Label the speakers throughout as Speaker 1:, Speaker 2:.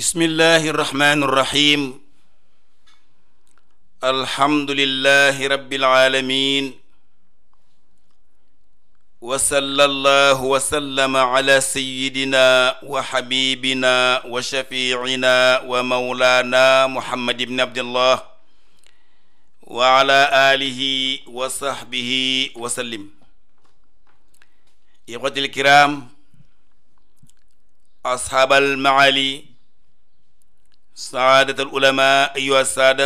Speaker 1: bismillahi irrahmani irrahim alhamdulillahi rabbil alamin wa sallallahu wa sallama ala sayyidina wa habibina wa shafiicina wa mawlaana muhammad ibn abdillah wa ala aalihi wa sahbihi wa sallim ixwatil kiram ashaabal maali saadatal ulama ayyuha saada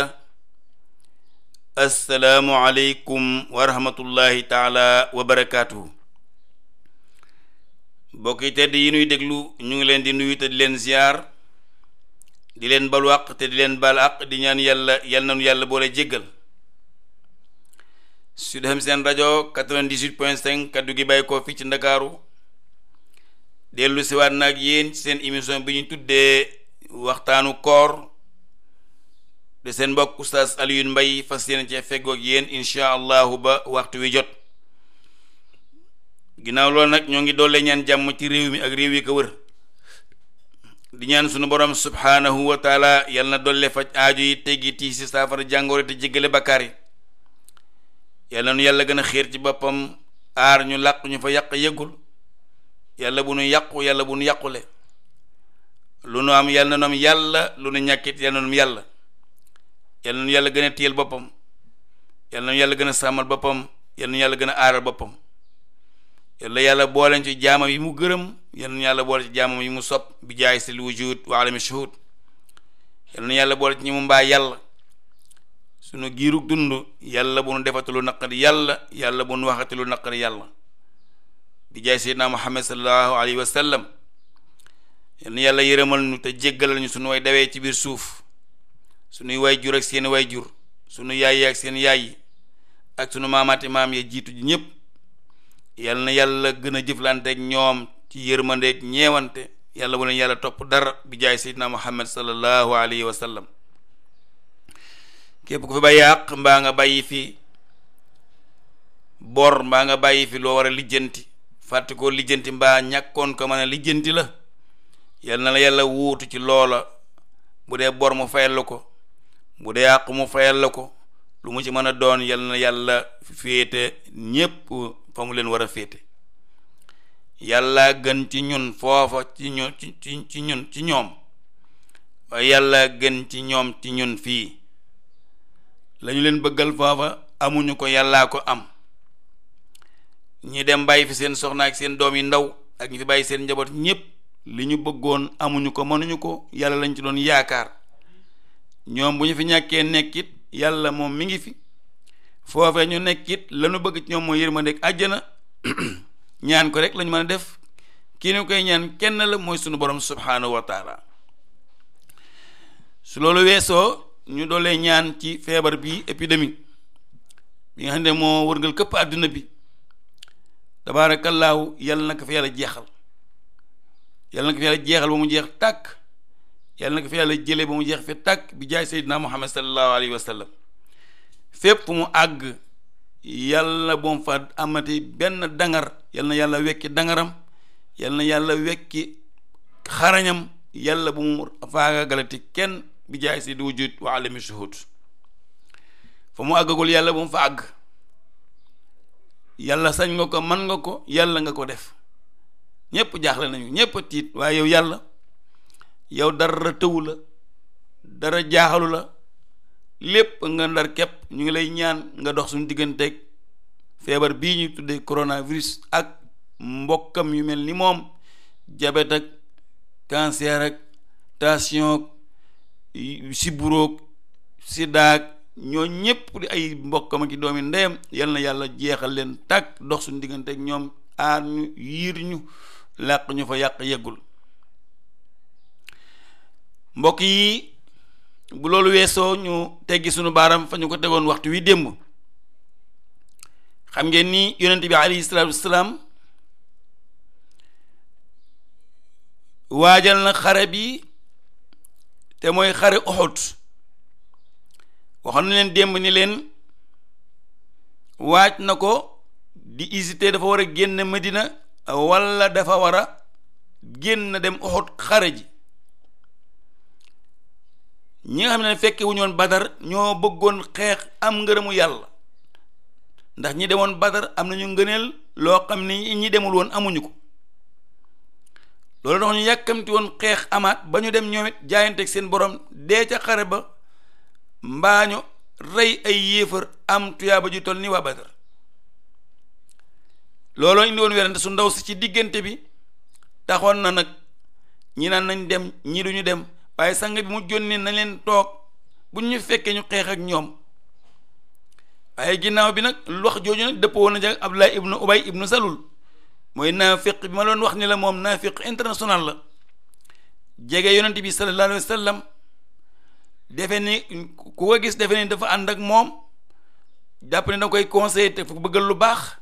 Speaker 1: assalaamu aleykum wa rahmatullahi taala bokki tedd yi nuy déglu ñu ngi leen di nuyu te di leen ziar di leen balu àq te di leen bal di ñaan yàlla yal nanu yàlla boole jéggal su FM seen rajo 98 point 5 kaddu gi bàyyi koo fii ci ndakaaru dellu siwaat naag yéen ci seen émission bi ñu tuddee waxtaanu koor de seen mbokk oustaz Alioune Mbaye fas yéene cee feggoog yéen incha allahu ba waxtu wi jot ginnaaw lool nag ñoo ngi doole ñaan jàmm ci réew mi ak réew yi ko wër di ñaan sunu boroom subhaanahu wa taala yal na dolle faj aajo yi teggi si saafara jàngoro te jéggale bakkaar yi yal na nu yàlla gën a xiir ci boppam aar ñu làq ñu fa yàq yëggul yàlla bu nu yàqu yàlla bu nu yàqule lu nu am yàlla na nu yàlla lu nu ñàkkit yàlla na nu yàlla yàlla na yàlla gën a téyel boppam yàlla na nu yàlla gën a sàmmal boppam yàlla na nu yàlla gën a aaral boppam yàlla yàlla booleen ci jaamam yi mu gërëm yàlla na nu yàlla boole ci jaamam yi mu sopp bi jaay si wujud wa alami shuhud yàlla na nu yàlla ci ñi mu mbaa yàlla sunu giirug dund yàlla bu nu defati lu naqari yàlla yàlla bu nu waxati lu naqari yàlla bi jaay seydnaa muhammad sallallahu alayhi wa yal na yàlla yërëmal nu te jéggalal ñu suñu way dawee ci biir suuf sunuy way jur ak seen way jur sunu yaay ak seen yay ak sunu maamaati maam ya jiitu ji ñëpp yal na yàlla gën a jëflante ak ñoom ci yërmande ak ñeewante yàlla bu yàlla topp dara bi jaay seydina muhammad sallallahu alayhi wa sallam képp ku fi mbaa nga bàyyi fi bor mbaa nga bàyyi fi loo war lijjanti fàtte koo lijjanti mbaa ñàkkoon ko mën a lijjanti la yal na la yàlla wuutu ci loola bu dee bor mu fayal la ko bu dee àq mu fayal la ko lu mu ci mën a doon yal na yàlla féete ñépp fa mu leen war a féete yàlla gën ci ñun foofa ci ñu ci ñun ci ñoom waaye yàlla gën ci ñoom ci ñun fii lañu leen bëggal foofa amuñu ko yàllaa ko am ñi dem bàyyi fi seen soxna ak seen doom yi ndaw ak ñi fi bàyyi seen njaboot ñépp li ñu bëggoon amuñu ko mënuñu ko yàlla lañ ci doon yaakaar ñoom bu ñu fi ñàkkee nekkit yàlla moom mi ngi fi foofee ñu nekkit lañu bëgg ci ñoom mooy yërmandeeg àjjana ñaan ko rek lañu mën a def kii ñu koy ñaan kenn la mooy suñu borom subhaanahu wa taala su loolu weesoo ñu doolee ñaan ci feebar bi épidémie bi nga xam ne moo wërngal këpp àddina bi tabaarakallaahu yàlla na ko yàlla jeexal yàlla na ko fi yàlla jeexal ba mu jeex tàkk yàlla na ko fi yàlla jële ba mu jeex fi tàkk bi jaay seydina muhammad sallallahu alayhi wa sallam fépp mu àgg yàlla boom fa benn dangar yàlla yàlla wekki dangaram yàlla yàlla wekki xarañam yàlla bu kenn bi jaay si di wujud wa alami shuhud fa yàlla bu àgg yàlla sañ nga ko man nga ko yàlla nga ko def ñëpp jaaxle nañu ñëpp tiit waaye yow yàlla yow dara tëwu la dara jaaxalu la lépp nga ndar képp ñu ngi lay ñaan nga dox suñu digganteek feebar bii ñu tuddee coronavirus ak mbokkam yu mel ni moom jabet ak cancer ak tension ak siburoog sidaak ñoo ñëpp di ay mbokkam ak doomi ndeyam yal na yàlla jeexal leen tàkk dox suñu digganteeg ñoom aar ñu yiir ñu làq ñu fa yàq yeggul mbokk yi bu loolu weesoo ñu teggi sunu baaram fa ñu ko tegoon waxtu wi démb xam ngeen ni yonent bi alayhi salaatu waajal na xare bi te mooy xare Uhud waxoon na leen démb ni leen waaj na ko di hésité dafa war a génn Medina walla dafa war a génn dem Uhud xare ji ñi nga xam ne fekke wu ñoon badar ñoo bëggoon xeex am ngërëmu yàlla ndax ñi demoon badar am nañu ngëneel loo xam ni ñi demul woon amuñu ko loolu tax ñu yàkkamti woon xeex amaat ba ñu dem ñoom it jaayanteeg seen boroom dee ca xare ba mbaa ñu rey ay yéefar am tuyaaba ju toll ni waa badar looloo indi woon werante su ndaw si ci diggante bi taxoon na nag ñi naan nañ dem ñi duñu dem waaye sang bi mu jónne na leen toog bu ñu fekkee ñu xeex ak ñoom waaye ginnaaw bi nag lu wax jooju nag a na ca Abdullah ibnu Ubay ibnu Salul mooy naafiq bi ma doon wax ni la moom naafiq international la jege yonent bi sallallahu alayhi wa sallam defe ni ku ko gis defe ni dafa ànd ak moom jàpp ne da koy conseillé te fu bëggal lu baax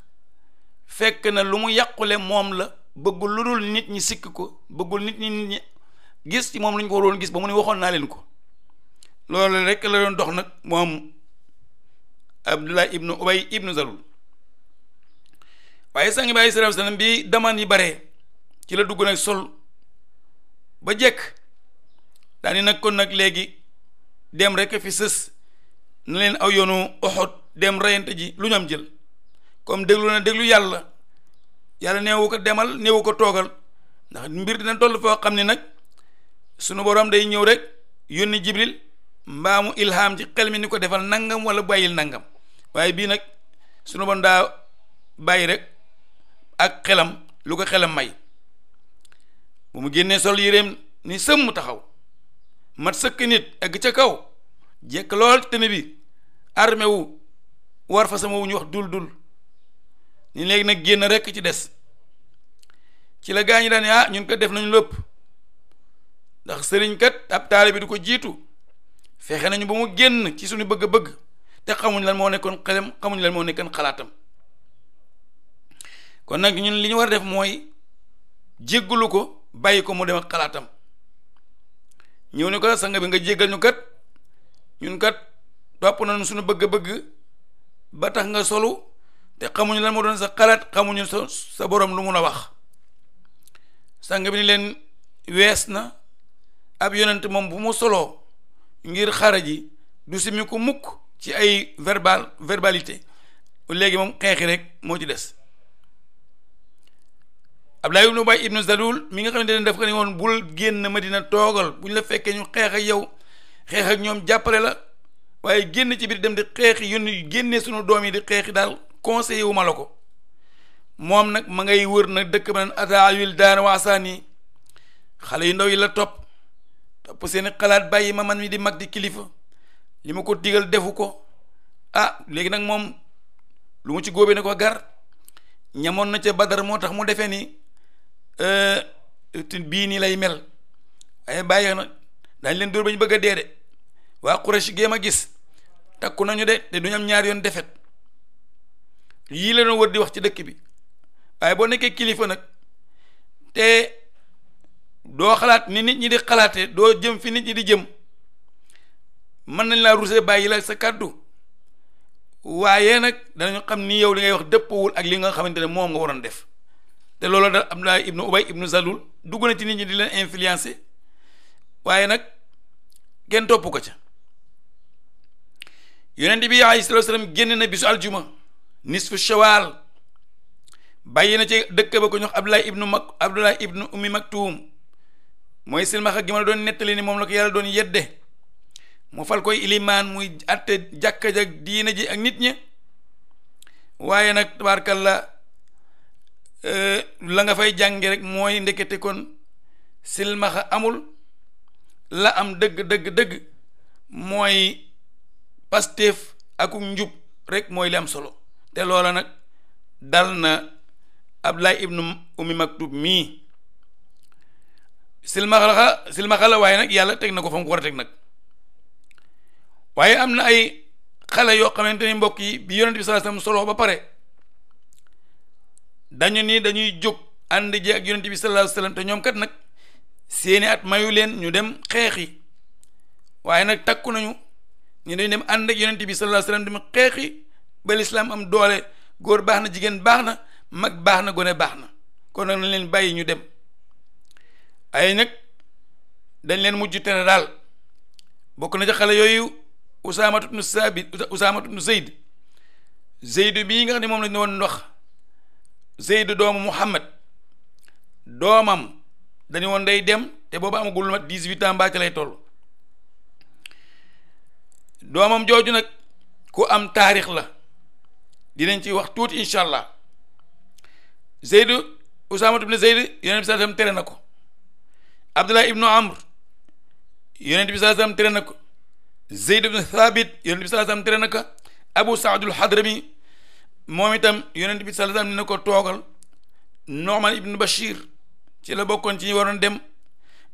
Speaker 1: fekk na lu mu yàqule moom la bëggul lu dul nit ñi sikk ko bëggul nit ñi ñi gis ci moom lu ñu ko waroon gis ba mu ne waxoon naa leen ko loolu rek la dox nag moom Abdullah ibnu Ubay ibnu Salul waaye sangi bi alayhi salaatu salaam bi damaan yi bare ci la dugg nag sol ba jekk daani nag kon nag léegi dem rek fi sës na leen aw yoonu Uhud dem reyante ji lu ñu am jël comme déglu na déglu yàlla yàlla neewu ko demal neewu ko toogal ndax mbir dina toll foo xam ne nag sunu borom day ñëw rek yónni jibril mbaamu ilham ci xel mi ni ko defal nangam wala bàyyil nangam waaye bii nag sunu borom daa bàyyi rek ak xelam lu ko xelam may bu mu génnee sol yéreem ni sëmm taxaw mat sëkk nit egg ca kaw jekk lool tene bi armé wu war fa sama wu wax dul dul ni léegi nag génn rekk ci des ci la gaa ñi daan ah ñun ko def nañu lépp ndax sëriñ kat ab taalibe du ko jiitu fexe nañu ba mu génn ci suñu bëgg-bëgg te xamuñ lan moo nekkoon xelam xamuñ lan moo nekkoon xalaatam kon nag ñun li ñu war a def mooy jéggulu ko bàyyi ko mu dem ak xalaatam ñëw ni ko sang bi nga jéggal ñu kat ñun kat topp nañu suñu bëgg-bëgg ba tax nga solu te xamuñu lan ma doon sa xalaat xamuñu sa sa borom lu mun a wax sang bi ni leen wees na ab yonent moom bu mu soloo ngir xara ji du simi mukk ci ay verbal verbalité léegi moom xeexi rek moo ci des Abdoulaye ibnu Ubay ibnu Salul mi nga xam ne daf ko ne woon bul génn ma dina toogal bu ñu la fekkee ñu xeex yow xeex ak ñoom jàppale la waaye génn ci biir dem di xeexi yónni génnee sunu doom yi di xeexi daal conseillé wu ma la ko moom nag ma ngay wër nag dëkk ba naan ataawil daan waasaan yi xale yu ndaw yi la topp topp seeni xalaat bàyyi ma man mi di mag di kilifa li ma ko digal defu ko ah léegi nag moom lu mu ci góobee ne ko gar ñamoon na ca badar moo tax mu defee ni eh, bii nii lay mel waaye bàyyi na daañ leen dóor ba ñu bëgg a dee de waa Quraysh géem a gis takku nañu de te duñu am ñaar yoon defet yii la doon wër di wax ci dëkk bi waaye boo nekkee kilifa nag te doo xalaat ni nit ñi di xalaate doo jëm fi nit ñi di jëm mën nañ laa rusee bàyyi la sa kàddu waaye nag danañu xam ni yow li ngay wax dëppawul ak li nga xamante ne moom nga waroon def te loolu da Abdullah ibnu Ubay ibnu Salul dugg na ci nit ñi di leen influencer waaye nag kenn topp ko ca yonent bi alayhi salaam génn na bisu aljuma nisfu shawal bàyyi na ci dëkk ba ko ñox abdullah ibnu mak abdullah ibnu ummi maktuum mooy silmaxa gi ma la doon nettali ni moom la ko yàlla doon yedde mu fal koy ilimaan muy atte jàkka ja diina ji ak nit ñi waaye nag tabaarkalla euh, la nga fay jànge rek mooy ndekete kon silmaxa amul la am dëgg dëgg dëgg mooy pasteef akuk njub rek mooy li am solo te loola nag dal na Abdulaay ibnu Ummi Maktub mii silmaxa silmaxa la waaye nag yàlla teg na ko fa mu ko war teg nag waaye am na ay xale yoo xamante ni mbokk yi bi yonent bi sallallahu alayhi solo ba pare dañu ni dañuy jóg ànd ji ak yonent te ñoom kat nag seeni at mayu leen ñu dem xeexi waaye nag takku nañu ñu dañu dem ànd ak yonent bi sallallahu alayhi wasallam dem xeexi ba lislaam am doole góor baax na jigéen baax na mag baax na gone baax na kon nag nañ leen bàyyi ñu dem ay nag dañ leen mujj tere daal bokk na ci xale yooyu usaamatu bnu saabit usaamatu bnu zeyd zeyd bii nga xam ne moom lañu woon ndox zeyd doomu muhammad doomam dañu woon day dem te boobu amagul mat dix-huit ans mbaa ca lay toll doomam jooju nag ku am taarix la dinañ ci wax tuuti incha allah zeyd usaama ibn zeyd yonent bi sallam tere na ko abdullah ibnu amr yonent bi sallam tere na ko zeyd ibn thabit yonent bi sallam tere na ko abu saadul hadrami moom itam yonent bi sallam dina ko toogal norman ibnu bashir ci la bokkoon ci ñu waroon dem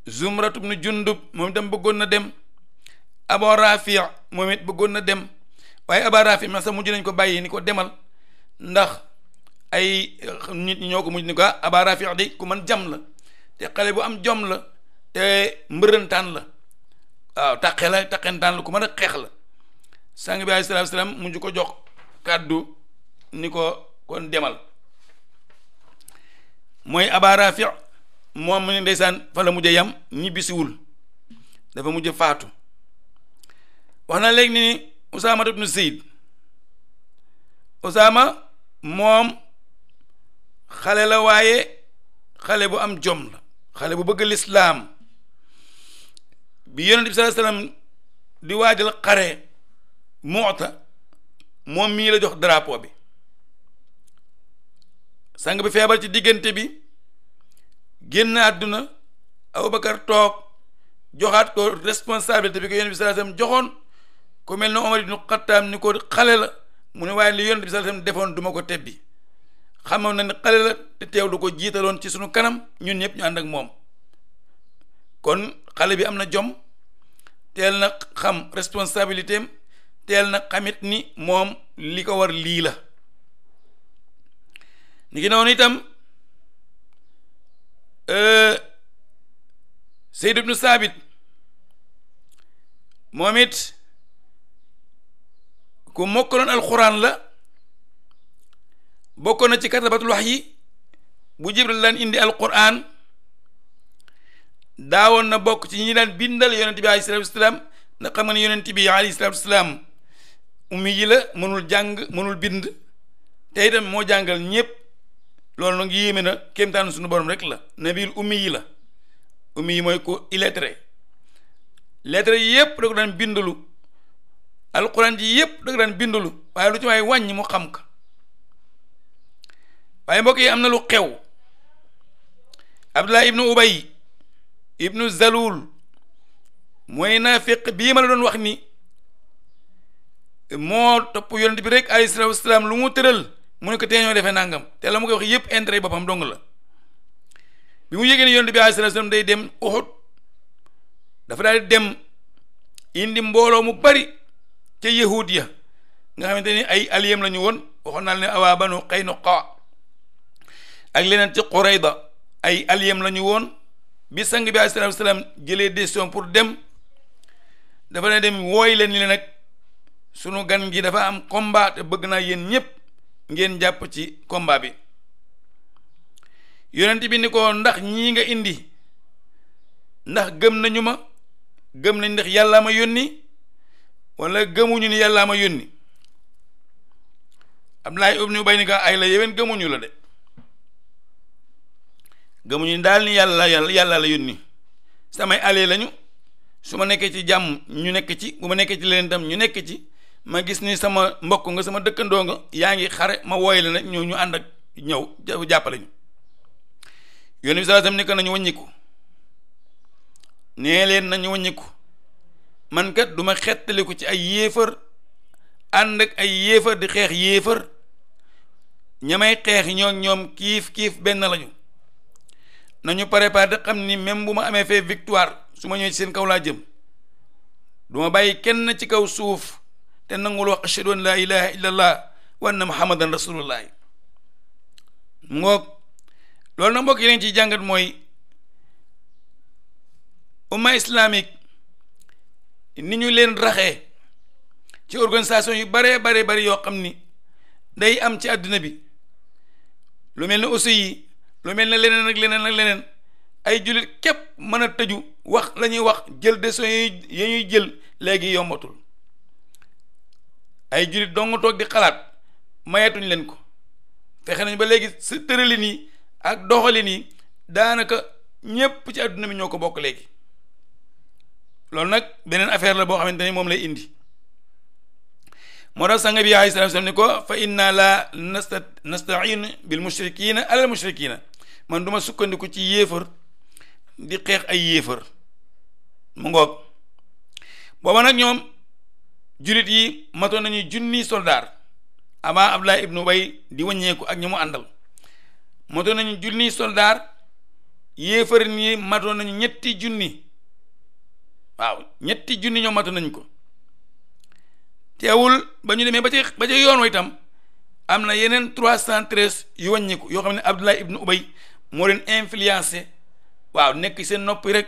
Speaker 1: zumrat ibnu jundub moom itam bëggoon na dem abu rafia moom it bëggoon na dem waaye Abaa Raafi man sax mujj nañ ko bàyyi ni ko demal ndax ay nit ñoo ko mujj ni ko ah, Abaa Raafi di ku man jam la te xale bu am jom la te mbërëntaan la waaw taqe la taqentaan la ku mën a xeex la sang bi salaam mujj ko jox kàddu ni ko kon demal mooy Abaa moom mu ne ndeysaan fa la mujj yam ñibbisiwul dafa mujj faatu wax na léegi ni Usaama ibnu Zeyd Usaama moom xale la waaye xale bu am jom la xale bu bëgg lislaam bi yonent bi sallallahu alayhi wasallam di waajal xare Mu'ta moom mii la jox drapeau bi sang bi feebar ci diggante bi génn àdduna Abubakar toog joxaat ko responsabilité bi ko yonent bi sallallahu alayhi joxoon ku mel ne Omar ibnu Xattaab ni ko xale la mu ne waaye li yonent bi sallallahu alayhi defoon duma ma ko tebbi xamoon na ne xale la te teew du ko jiitaloon ci suñu kanam ñun ñëpp ñu ànd moom kon xale bi am na jom teel na xam responsabilité teel na xamit ni moom li ko war lii la ni ngi noonu itam euh, Seyd ibnu Saabit moom ku mokkaloon alxuraan la bokkoon na ci katabatul wax yi bu jibril daan indi alxuraan daawoon na bokk ci ñi daan bindal yonent bi alayhi salaatu wasalaam ndax xam nga ne yonent bi alayhi salaatu ummi yi la mënul jàng mënul bind te itam moo jàngal ñépp loolu nag yéeme na kéemtaan sunu borom rek la nabil ummi yi la ummi yi mooy ko illettré lettre yi yépp da ko daan bindalu alquran ji yëpp da nga daan waaye lu ci waay wàññi mu xam ka waaye mbokk yi am na lu xew abdullah ibnu ubay ibnu zalul mooy naafiq bii ma la doon wax ni moo topp yonent bi rek alayhi salaatu wasalaam lu mu tëral mu ne ko tee ñoo defee nangam te la mu koy wax yëpp intérêt boppam dong la bi mu yégée ne yonent bi alayhi salaatu wasalaam day dem uxut dafa daal dem indi mbooloo mu bari ca yahuud ya nga xamante ni ay aliyem la ñu woon waxoon naa ne awaa banu Qaynuqa ak leneen ci Qurayda ay aliyem lañu woon bi sang bi alayhi salaatu salaam jëlee pour dem dafa ne dem wooy leen ni leen nag sunu gan gi dafa am combat te bëgg naa yéen ñëpp ngeen jàpp ci combat bi yonent bi ni ko ndax ñii nga indi ndax gëm nañu ma gëm nañ ndax yàlla ma yónni wala gëmuñu ni yàllaa ma yónni Abdoulaye ibnu Ubayy ni ko ay la yéwén gëmuñu la de gëmuñu ni daal ni yàlla yàlla yàlla la yónni samay ale lañu su ma nekkee ci jàmm ñu nekk ci bu ma nekkee ci leen tam ñu nekk ci ma gis ni sama mbokk nga sama dëkkandoo nga yaa ngi xare ma wooy la ne ñu ñu ànd ak ñëw jàppale ñu yónni bi sallallahu alayhi wasallam nañu wàññiku nee leen nañu wàññiku man kat du ma ko ci ay yéefar ànd ay yéefar di xeex yéefar ña xeex yi ñoo ñoom kiif kiif benn lañu nañu préparé te xam ni même bu ma amee fa victoire su ma ñëwee ci seen kaw laa jëm duma ma bàyyi kenn ci kaw suuf te nangul wax ashhadu an laa ilaha illa allah muhammadan rasulullah ngoog loolu nag mbokk yi leen ciy jàngat mooy umma islamique ni ñu leen raxee ci organisation yu baree bare bari yoo xam ni day am ci àddina bi lu mel ne aussi yi lu mel ne leneen ak leneen ak leneen ay jullit képp mën a tëju wax lañuy wax jël décision ya ñuy jël léegi yombatul ay jullit dong di xalaat mayeetuñ leen ko fexe nañ ba léegi sa tëralin yi ak doxalin yi daanaka ñépp ci àdduna bi ñoo ko bokk léegi loolu nag beneen affaire la boo xamante ni moom lay indi moo tax sanga bi alayhi salaam ni ko fa inna la nasta nastain bil mushrikina alal mushrikina man du sukkandiku ci yéefar di xeex ay yéefar mu ngoog booba nag ñoom jullit yi matoon nañu junni soldaar avant Abdullah ibnu Ubay di wàññeeku ak ñoomu àndal matoon nañu junni soldaar yéefar ni matoon nañu ñetti junni waaw ñetti junni ñoom matu nañ ko teewul ba ñu demee ba ci ba ci yoon wa itam am na yeneen trois cent treize yu wàññiku yoo xam ne Abdullah ibnu Ubay moo leen influencé waaw nekk seen noppi rek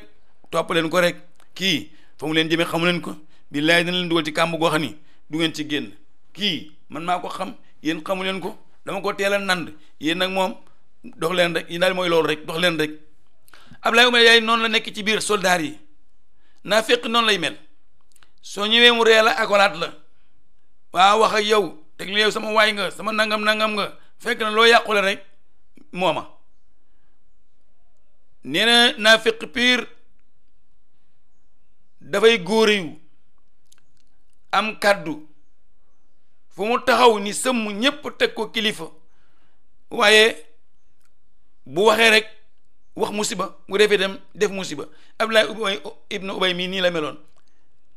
Speaker 1: topp leen ko rek kii fa mu leen jëmee xamu leen ko billaay dina leen dugal ci kàmb goo xam ni du ngeen ci génn kii man maa ko xam yéen xamu leen ko dama ko teel a nand yéen nag moom dox leen rek yi daal mooy loolu rek dox leen rek Abdullah ibnu Ubay yaay noonu la nekk ci biir soldaar yi naa féq noonu lay mel soo ñëwee mu ree la akolaat la waa wax ak yow teg li yow sama waay nga sama nangam nangam nga fekk na loo yàqule rek mooma nee na naa féq piir dafay góoreyu am kàddu fu mu taxaw ni sëmm ñépp teg ko kilifa waaye bu waxee rek wax musiba mu defee dem def musiba Abdullah ubay ibnu ubay mii nii la meloon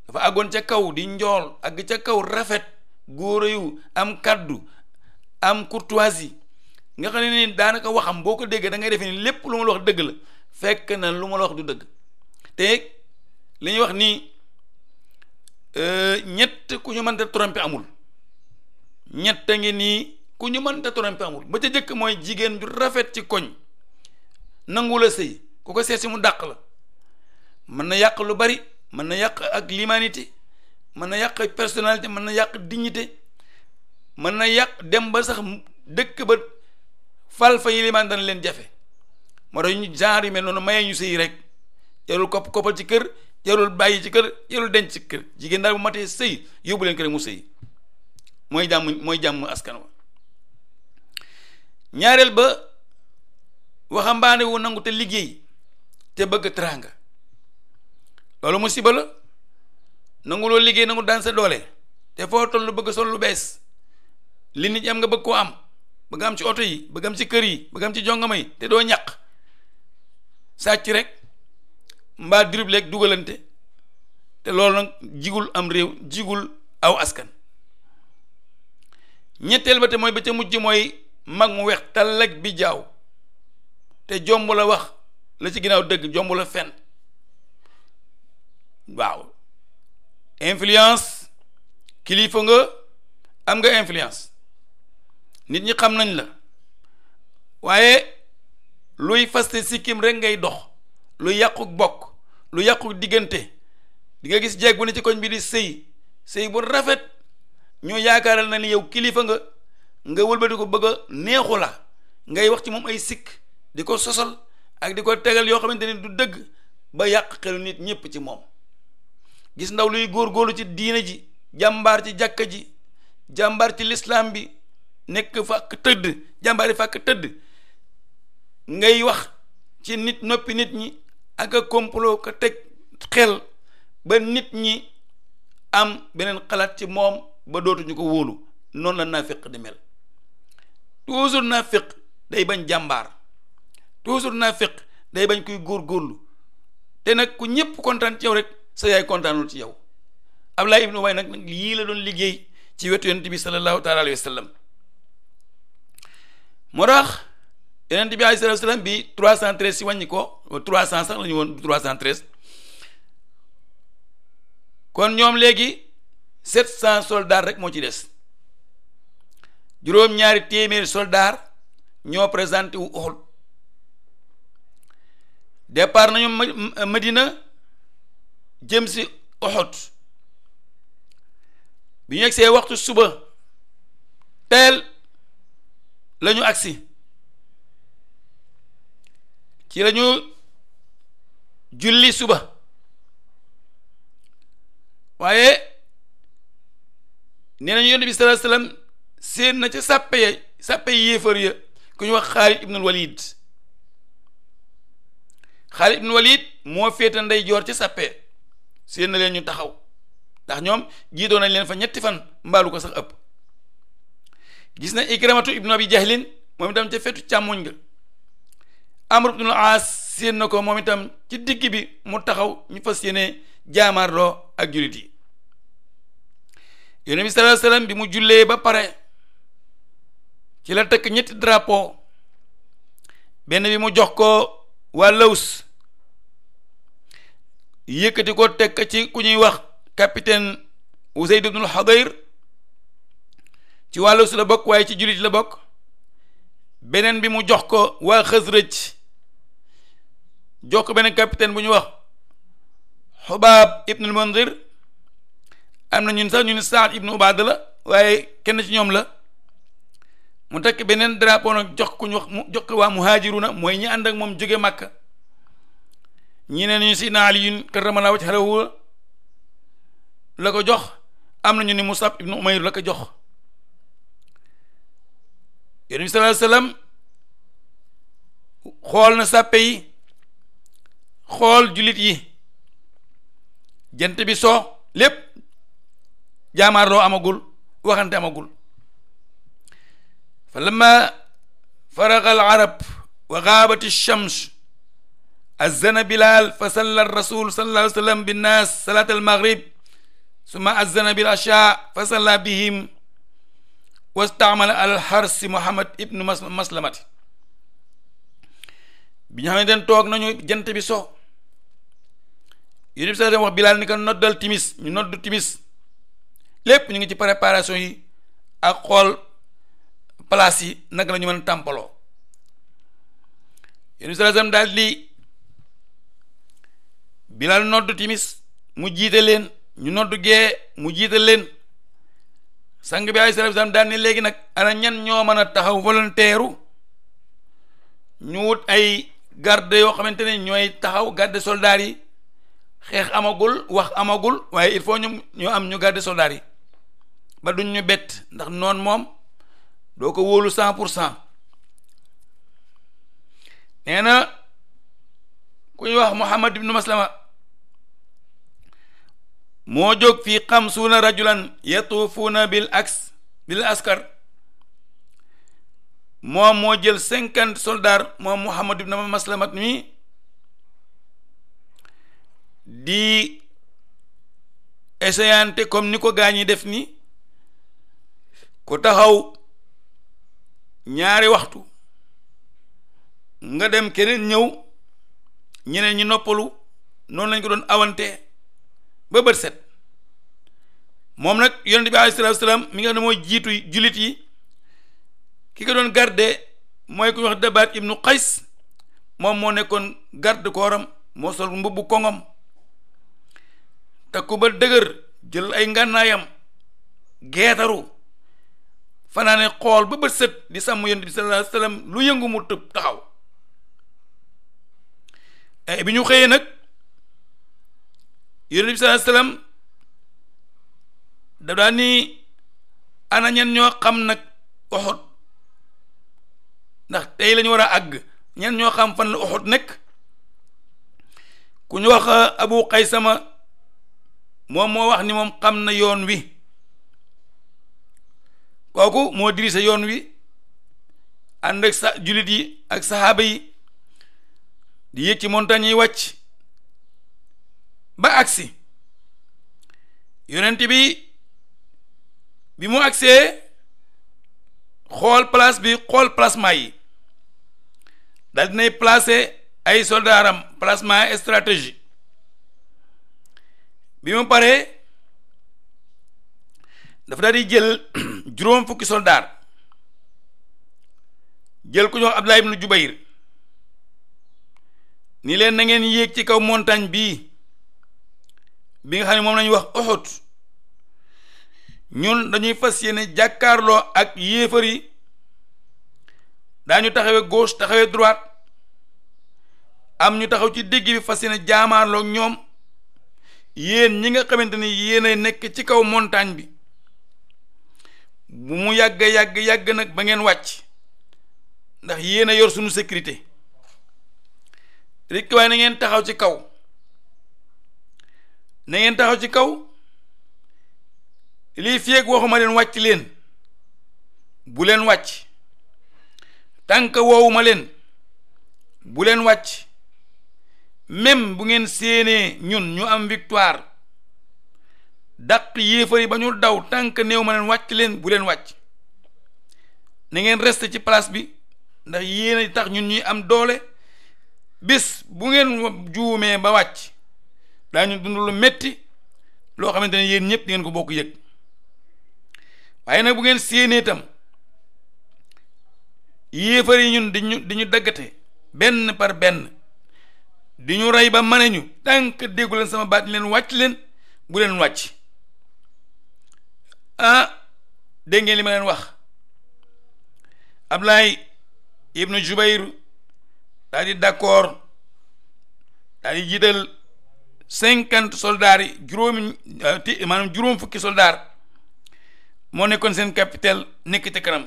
Speaker 1: dafa àggoon ca kaw di njool ak ca kaw rafet góor yu am kaddu am courtoisie nga xam ne ni daanaka waxam boo ko déggee da ngay defee ni lépp lu ma la wax dëgg la fekk na lu ma la wax du dëgg te li ñuy wax nii euh, ñett ku ñu mënta tromper amul ñett a ngi nii ku ñu mënta tromper amul ba ca jëkk mooy jigéen ju rafet ci koñ nangu la sëy ku ko seet si mu dàq la mën na yàq lu bari mën na yàq ak l'humanité mën na yàq personnalité mën na yàq dignité mën na yàq dem ba sax dëkk ba fal fa yilimaan leen jafe moo tax ñu genre yu mel noonu mayee ñu sëy rek jarul kopp koppal ci kër jarul bàyyi ci kër jarul denc ci kër jigéen daal bu matee sëy yóbbu leen kër mu sëy mooy jàmm mooy jàmm askan wa ñaareel ba waxambaane wu nangu te liggéey te bëgg teraanga loolu musiba la nangu loo liggéey nangu daan sa doole te foo toll bëgg sol lu bees li nit am nga bëgg koo am bëgg am ci oto yi bëgg am ci kër yi bëgg am ci jongama yi te doo ñaq sàcc rek mbaa dirib leeg dugalante te loolu nag jigul am réew jigul aw askan ñetteel ba te mooy ba ca mujj mooy mag mu weex tallak bi jaaw te jomb la wax la ci ginnaaw dëgg jomb la fen waaw influence kilifa nga am nga influence nit ñi xam nañ la waaye luy faste sikkim rek ngay dox lu yàquk bokk lu yàquk diggante di nga gis jeeg bu ne ci koñ bi di sëy sëy bu rafet ñu yaakaaral na ni yow kilifa nga nga wëlbati ko bëgg neexu la ngay wax ci moom ay sikk di ko sosal ak di ko tegal yoo xamante ni du dëgg ba yàq xelu nit ñépp ci moom gis ndaw luy góorlu ci diine ji jàmbaar ci jàkka ji jàmbaar ci lislaam bi nekk fàkk tëdd jàmbaar yi fàkk tëdd ngay wax ci nit noppi nit ñi ak a complot ko teg xel ba nit ñi am beneen xalaat ci moom ba dootuñu ko wóolu noonu la naafiq di mel toujours naafiq day bañ jàmbaar toujours naafiq day bañ kuy góorlu te nag ku ñëpp kontaan ci yow rek sa yaay kontaanul ci yow Ablaye ibnu Ubay nag nag yii la doon liggéey ci wetu yonent bi sallallahu taala alayhi wa sallam moo tax yonent bi alayhi salatu salaam bi 313 si wàññi ko 300 sax la ñu woon 313 kon ñoom léegi 700 soldats rek moo ci des juróom-ñaari téeméeri soldats ñoo présenté wu Uhud départ nañu Madina jëm si Uhud bi ñu agsee waxtu suba teel lañu agsi ci lañu julli suba waaye nee nañu yonent bi sallallahu alayhi séen na ca sàppe ya sàppe yéefar ya ku ñu wax Xaalid ibnul Walid Xaalid ibn Walid moo féete ndeyjoor ci sàppee séen na leen ñu taxaw ndax ñoom jiitoo nañ leen fa ñetti fan mbaalu ko sax ëpp gis na Ikramatu ibnu Abi Jahlin moom itam ca fetu càmmoñ nga Amr ibnul Aas séen na ko moom itam ci digg bi mu taxaw ñu fas yéene jaamaarloo ak jullit yi yonent bi sallallahu alayhi wasallam bi mu jullee ba pare ci la tëkk ñetti drapo benn bi mu jox ko waa laws yëkkati ko teg ko ci ku ñuy wax capitaine Usayd ibnul Xadayr ci waa laws la bokk waaye ci jullit la bokk beneen bi mu jox ko waa Xasraj jox ko beneen capitaine bu ñu wax Xubaab ibnul Mundir am na ñun sax ñu ne Saad ibnu Ubaada la waaye kenn ci ñoom la mu takk beneen drapeau nag jox ku ñu wax mu jox ko waa muhaajiruna mooy ñi ànd ak moom jóge màkka ñi ne ñu Seydina Aliyun karramallaahu wajhahu la ko jox am nañu ni Musab ibnu Umayr la ko jox yonent bi xool na sàppe xool jullit yi jant bi soo lépp jaamaarloo amagul waxante amagul fa lama faraga al arab wa gaabat alchams azana bilal fa salla rasul sallallahu wa sallam binnaas salat almaghrib summa azana bil asha fa salla bihim wastaamala al harsi muhammad ibnu maslamati bi ñu xam den toog nañu jant bi so yonent bi sallallahu alayhi wax bilaal ni ko noddal timis ñu noddu timis lépp ñu ngi ci préparation yi ak xool place yi nag la ñu mën a tàmpaloo yéen bi sallam daal di bilal noddu timis mu jiite leen ñu noddu gee mu jiite leen sang bi alayhi salaam daal ni léegi nag ana ñan ñoo mën a taxaw volontaire ñu wut ay garde yoo xamante ne ñooy taxaw garde soldats yi xeex amagul wax amagul waaye il faut ñu ñu am ñu garde soldats yi ba duñ ñu bett ndax noon moom doo ko wóolu cent pour cent nee na ku ñuy wax Muhammad ibnu Maslama moo jóg fii xamsuuna rajulan yatuufuuna bil aks bil askar moom moo jël cinquante soldats moom Muhammad ibnu Maslamat mi di essayante comme ni ko gaañi def ni ku taxaw ñaari waxtu nga dem keneen ñëw ñeneen ñi noppalu noonu lañ ko doon awante ba bët set moom nag yonent bi alayhi salaatu salaam mi nga xam ne mooy jiitu jullit yi ki ko doon garde mooy ku wax dabaat ibnu qays moom moo nekkoon garde kooram moo sol mbubbu koŋam takku ba dëgër jël ay ngànnaayam geetaru fanaane xool ba bët set di sàmm yonent bi sallallahu alayhi lu yëngu mu tëb taxaw eh, bi ñu xëyee nag yonent bi sallallahu alayhi wasallam daan ni ana ñan ñoo xam nag Uhud ndax tey lañu war a àgg ñan ñoo xam fan la Uhud nekk ku ñu wax Abu Qaysama moom moo wax ni moom xam na yoon wi kooku moo dirisa yoon wi ànd ak sa jullit yi ak saxaaba yi di yéeg ci montagne wàcc ba agsi yonent bi bi mu agsee xool place bi xool placement yi daal dinay placer ay soldaaram placement stratégie bi mu paree dafa daal di jël juróom fukki soldaar jël ku ñu wax ab Abdullah ibnu Jubayr ni leen na ngeen yéeg ci kaw montagne bi bi nga xam ne moom lañuy wax Uhud ñun dañuy fas yéene jàkkaarloo ak yéefar yi daañu taxawe gauche taxawee droite am ñu taxaw ci digg bi fas yéene jaamaarloo ñoom yéen ñi nga xamante ni yéen nekk ci kaw montagne bi bu mu yàgg yàgg yàgg nag ba ngeen wàcc ndax yéen a yor suñu sécurité rekk waaye na ngeen taxaw ci kaw na ngeen taxaw ci kaw lii feeg waxuma leen wàcc leen bu leen wàcc tànk woowuma leen bu leen wàcc même bu ngeen séenée ñun ñu am victoire dàq yéefar yi ba ñu daw tànk néew ma leen wàcc leen bu leen wàcc na ngeen reste ci place bi ndax yéen a tax ñun ñuy am doole bis bu ngeen juumee ba wàcc dañu dund lu metti loo xamante ne yéen ñëpp di ngeen ko bokk yëg waaye nag bu ngeen séenee itam yéefar yi ñun diñu di ñu daggate benn par benn di ñu rey ba mane ñu tànk déggu leen sama baat leen wàcc leen bu leen wàcc ah dégg ngeen li ma leen wax Ablaay ibnu Jubayr daal di d'accord daal cinquante soldats yi juróomi euh, maanaam juróom fukki soldats moo nekkoon seen capital nekk ca kanam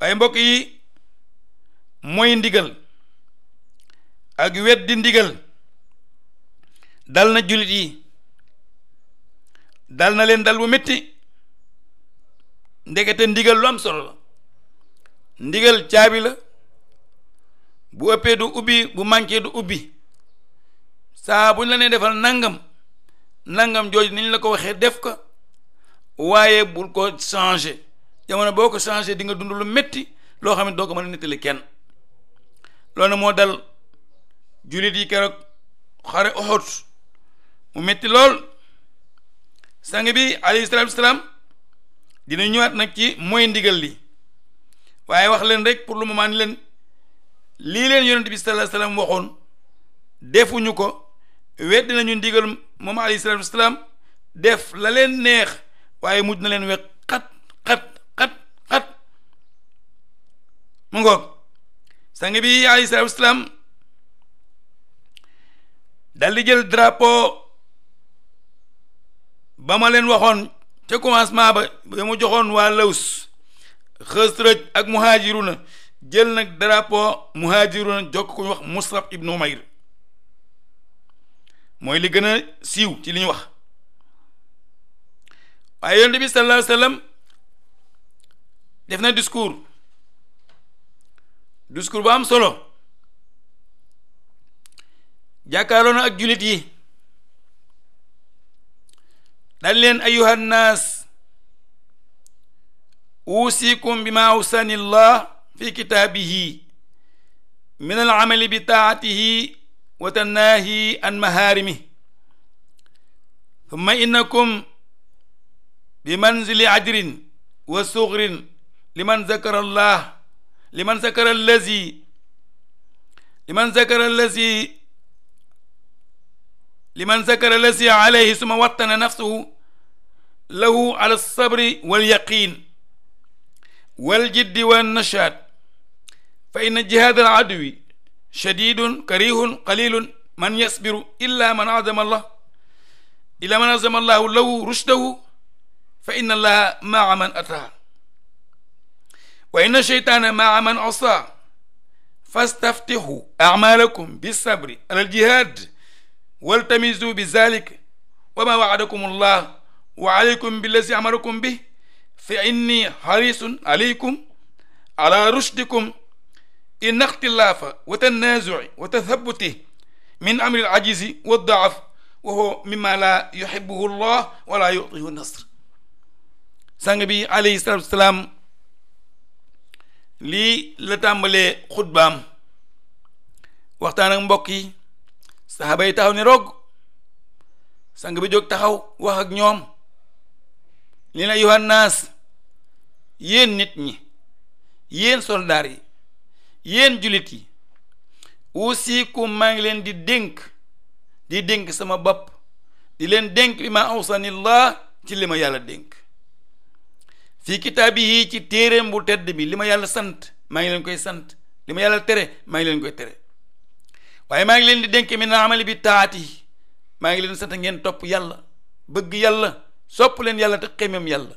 Speaker 1: waaye mbokk yi mooy ndigal ak weddi ndigal dal na jullit yi dal na leen dal bu metti ndekete ndigal lu am solo la ndigal caabi la bu ëppee du ubbi bu manqué du ubbi saa bu ñu la nee defal nangam nangam jooju ni la ko waxee def ko waaye bul ko changé jamono boo ko changé di nga dund lu metti loo xam ne doo ko mën a nettali kenn loolu moo dal jullit yi keroog xare Uhud mu métti lool sang bi alayhi salaam dina ñëwaat nag ci mooy ndigal li waaye wax leen rek pour le moment leen lii leen yonent bi sallallahu alayhi waxoon defuñu ko weddi nañu ndigal moom alayhi salaam def la leen neex waaye mujj na leen weq xat xat xat xat mu ngoog sang bi alayhi salaam dal di jël drapo ba ma leen waxoon ca commencement ba ba ma joxoon waa Laws Xasraj ak muhaajiruna jël nag drapeau muhaajiruna jokk ku ñu wax Musraf ibnu Umayr mooy li gën a siiw ci li wax waaye yonent bi sallallahu alayhi def na discours discours bu am solo jàkkaarloo na ak jullit yi dal leen ayuha nnaas uusikum bi ma awsani llah fi kitaabihi min al amali bi taatihi wa tannaahi an mahaarimi thumma innakum bi manzili ajrin wa suxrin liman zakara llah liman zakara allazi liman zakara allazi liman zakara la si alayhi suma wattana nafsuhu lahu ala sabri wal yaqin wal jiddi wal nashaat fa inna jihaad al adwi shadidun karihun qalilun man yasbiru illa man azama allah illa man azama allahu lahu rushdahu fa inna allaha maa man ataa wa inna sheytaana maa man asaa fastaftixu acmaalakum bisabri ala aljihaad waltamisu bi zalik wa ma waadakum allah wa aleykum billazi amarakum bi fa inni harisun aleykum ala rushdikum in ixtilaafa wa tanaazuci wa tathabuti min amri alajizi wa daaf wa huwa mimma la yuhibbuhu llah wa la yutihu nasr sang bi alayhi salaatu wasalaam lii la tàmbalee xutbaam waxtaan ak mbokk yi saxaaba taxaw ne roog sang bi jóg taxaw wax ak ñoom li na yohannas yéen nit ñi yéen soldaar yi yéen julit yi usikum maa ngi leen di dénk di dénk sama bopp di leen dénk bi ma awsanillah ci li ma yàlla dénk fii kitaabihi ci téeréem bu tedd bi li ma yàlla sant maa ngi leen koy sant li ma yàlla tere maa ngi leen koy tere waaye maa ngi leen di dénk mi na amali bi taati maa ngi leen sant ngeen topp yàlla bëgg yàlla sopp leen yàlla te xemem yàlla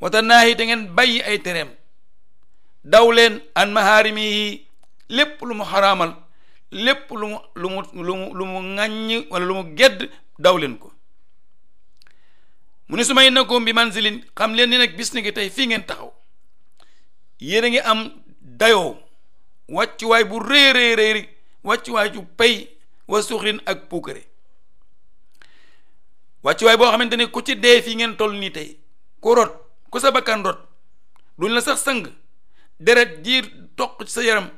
Speaker 1: wata naahi te ngeen bàyyi ay tereem daw leen an mahaarimi yi lépp lu mu xaraamal lépp lu mu lu mu lu mu lu mu gedd daw leen ko mu ne su may nakoom bi manzilin xam leen ni nag bis ni tey fii ngeen taxaw yéen a ngi am dayoo wàccuwaay bu réy réy réy wàccuwaay ju pay wa suxrin ak puukare wàccuwaay boo xamante ni ku ci dee fii ngeen toll nii tey ku rot ku sa bakkan rot duñ la sax sëng deret jiir toq ci sa yaram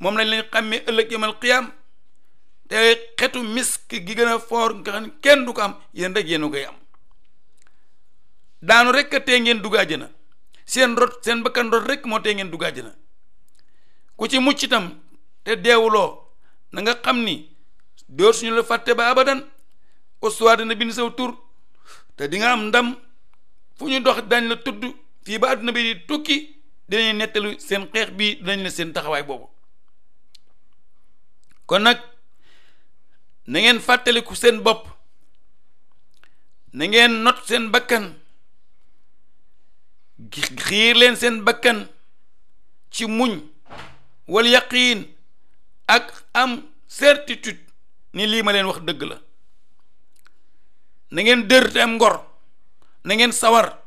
Speaker 1: moom lañ lañ xàmmee ëllëg yamal xiyaam te xetu misk gi gën a foor nga xam kenn du ko am yéen rek yéen koy am daanu rek a tee ngeen dugg àjjana seen rot seen bakkan rot rek moo tee ngeen dugg na ku ci mucc itam te deewuloo na xam ni door suñu la fàtte ba abadan ustuwaar dina bind saw tur te di nga am ndam fu ñu dox dañ la tudd fii ba àdduna bi di tukki dinañ nettalu seen xeex bi dinañ la seen taxawaay boobu kon nag na ngeen fàttaliku seen bopp na ngeen not seen bakkan xiir leen seen bakkan ci muñ wal yaqiin ak am certitude ni lii ma leen wax dëgg la na ngeen dër te am ngor na ngeen sawar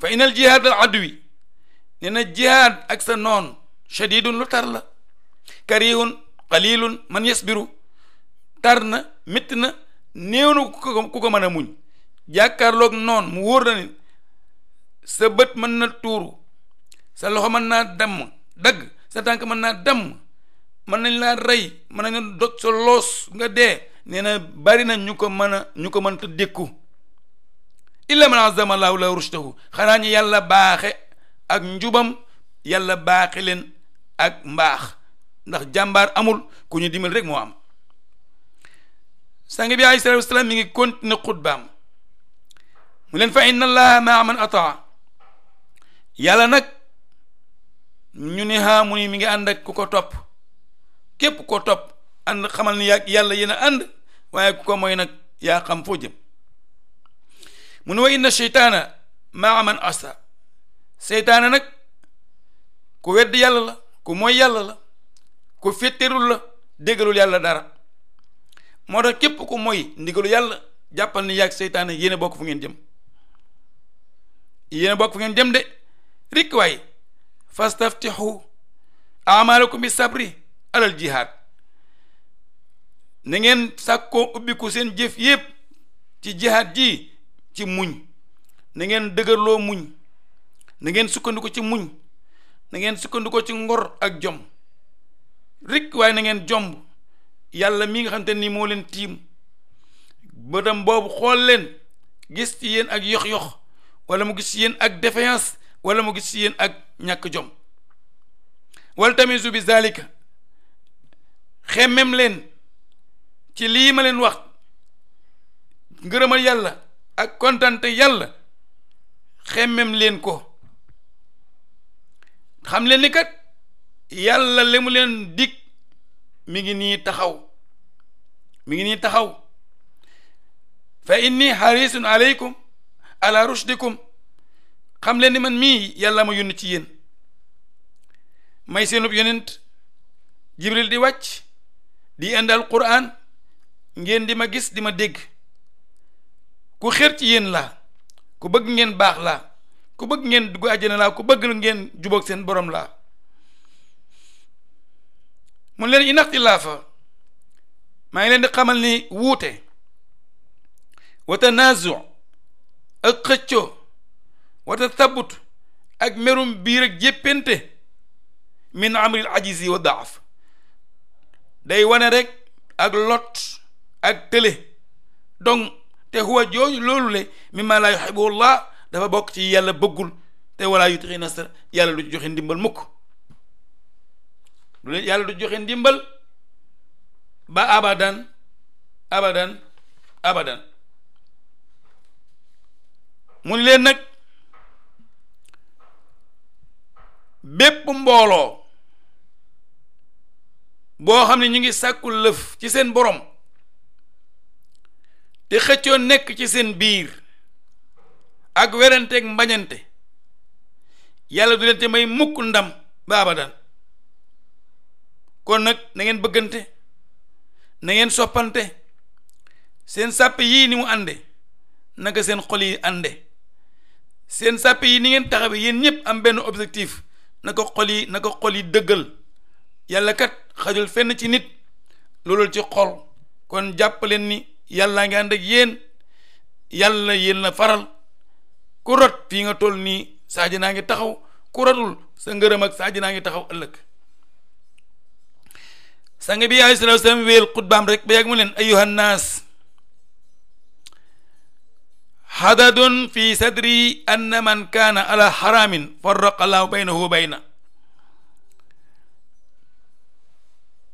Speaker 1: fa inal jihaad al adwi ne jihaad ak sa noon shadidun lu tar la karihun qalilun man yasbiru tar na métti na néew na ku ko mën a muñ jàkkaarloog noon mu wóor na ni sa bët mën na tuuru sa loxo mën naa damm dagg sa tànk mën naa damm mën nañ laa rey mën nañ la loos nga dee nee na bari na ñu ko mën a ñu ko mën ta dékku illa man azama laahu la rushdahu xanaa ñu yàlla baaxe ak njubam yàlla baaxe leen ak mbaax ndax jàmbaar amul ku ñu dimbal rek moo am sang bi alayhi salaatu wasalaam mi ngi continué xutbaam mu leen fa inna allaha maa man ataa yàlla nag ñu ne haa mu ni mi ngi ànd ak ku ko topp képp koo topp ànd xamal ni yàgg yàlla yéen a ànd waaye ku ko moy nag yaa xam foo jëm mu ne wa inna seytaana maa man asta seytaana nag ku wedd yàlla la ku mooy yàlla la ku féttéerul la déggalul yàlla dara moo tax képp ku mooy ndigalu yàlla jàppal ni yàgg seytaana yéen a bokk fu ngeen jëm yéen bokk fu ngeen jëm de rikk waaye fastaftihu amaalakum bi sabri alal jihaad na ngeen sàkkoo ubbiku seen jëf yépp ci jihaad ji ci muñ na ngeen dëgërloo muñ na ngeen sukkandiku ci muñ na ngeen sukkandiku ci ngor ak jom rek waaye na ngeen jomb yàlla mi nga xam te ni moo leen tiim bëtam boobu xool leen gis ci yéen ak yox-yox wala mu gis ci yéen ak défiance wala mu gis ci yéen ak ñàkk jom wal tamisu bi zalika xemmem leen ci lii ma leen wax ngërëmal yàlla ak kontante yàlla xemmem leen ko xam leen ni kat yàlla li mu leen dig mi ngi nii taxaw mi ngi nii taxaw fa inni harisun aleykum ala rushdikum xam leen ni man mii yàlla ma yónni ci yéen may seenub yonent jibril di wàcc di indi alquran ngeen di ma gis di ma dégg ku xër ci yéen la ku bëgg ngeen baax la ku bëgg ngeen dugg àjjana laa ku bëgg ngeen jubóog seen borom laa mu leen inaxtilaafa maa ngi leen di xamal ni wuute wa tanaazu ak xëccoo wa tasabut ak merum biir ak jéppante min amril ajisi wa daaf day wane rek ak lot ak tële donc te huwa jooju loolu le mimma laa yuhibbuhu llah dafa bokk ci yàlla bëggul te walaa yutixi nasar yàlla du joxe ndimbal mukk yàlla du joxe ndimbal ba abadan abadan abadan mu ni leen nag bépp mbooloo boo xam ne ñu ngi sàkku lëf ci seen borom te xëccoo nekk ci seen biir ak weranteeg mbañante yàlla du leen te may mukk ndam ba abadan kon nag nangeen bëggante na ngeen soppante seen sàpp yii ni mu ànde naka seen xol yi ànde seen sàpp yi ni ngeen taxawe yéen ñëpp am benn objectif naka xol yi naka xol yi dëggal yàlla kat xajul fenn ci nit loolul ci xol kon jàppaleen ni yàlla ngi ànd ak yéen yàlla yéen la faral ku rot nga tol nii sa àjjanaa ngi taxaw ku rotul sa ngërëm ak sa àjjanaa ngi taxaw ëllëg sang bi alayhi salaatu salaam wéel xutbaam rek ba yàgg mu leen ayyuhan naas hadadun fi sadri anna man kaana ala xaraamin farraqa allahu baynahu wa bayna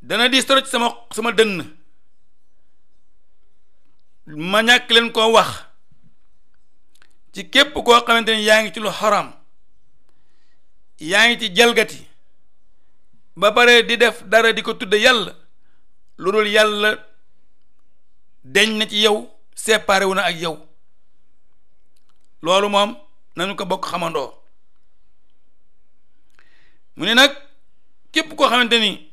Speaker 1: dana di trop sama sama dënn ma ñàkk leen koo wax ci képp koo xamante yaa ngi ci lu xaram yaa ngi ci jalgati ba pare di def dara di ko tudd yàlla lu dul yàlla deñ na ci yow séparé na ak yow loolu moom nañu ko bokk xamandoo mu ne nag képp koo xamante ni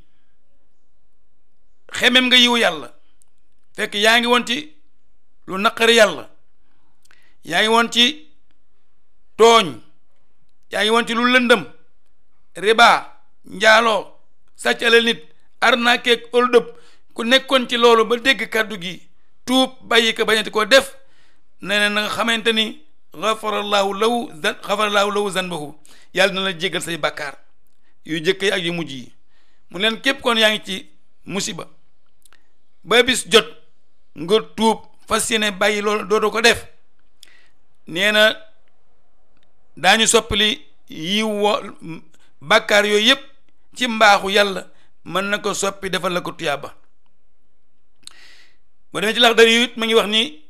Speaker 1: xemem nga yiwu yàlla fekk yaa ngi won ci lu naqari yàlla yaa ngi woon ci tooñ yaa ngi woon ci lu lëndëm riba njaaloo sàcc alal nit arnaque ak hold ku nekkoon ci loolu ba dégg kàddu gi tuub bàyyi ko bañati koo def ne ne na nga xamante ni xafarallahu lawu zan xafarallahu lawu zanbahu yàlla na la jéggal say bakkaar yu jëkk yi ak yu mujj yi mu leen képp kon yaa ngi ci musiba ba bis jot nga tuub fas yéene bàyyi loolu doodo ko def nee na daañu soppali yi wo bàkkaar yooyu yëpp ci mbaaxu yàlla mën na ko soppi defal la ko tuyaaba ba demee ci lax dari yu it ngi wax ni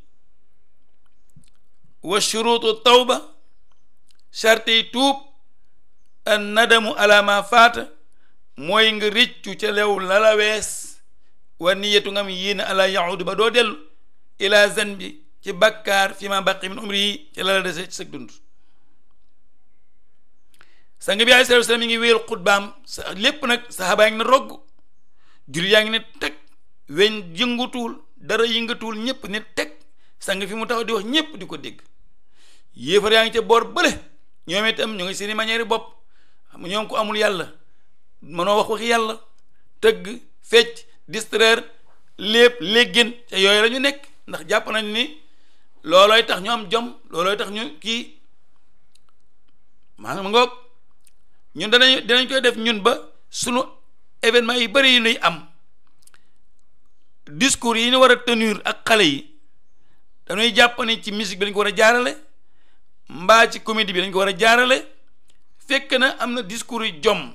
Speaker 1: wa shuruutu tawba shartey tuub an nadamu ala ma faata mooy nga riccu ca lew lala wees wa niyatu ngam yéene ala yahudu ba doo dellu ila zan bi ci bakkaar fi ma baqi min umri yi ci la la dese ci sëg dund sang bi aleyhi salaatu wa salaam mi ngi wéyal xutbaam sa lépp nag saxaabaa ngi ne rogg jul yaa ngi ne teg weñ yëngatuwul dara yëngatuwul ñëpp ne teg sang fi mu taxaw di wax ñëpp di ko dégg yéefar yaa ngi ca boor bële ñoom itam ñu ngi seeni manière bopp ñoom ko amul yàlla mënoo wax waxi yàlla tëgg fecc distrair lépp léggin te yooyu lañu nekk ndax jàpp nañ ni loolooy tax ñu am jom loolooy tax ñu kii maanaam ngoog ñun danañ dinañ koy def ñun ba sunu événement yi bëri yu nuy am discours yi nu war a tenir ak xale yi dañuy jàpp ni ci musique bi dañ ko war a jaarale mbaa ci comédie bi dañ ko war a jaarale fekk na am na discours yu jom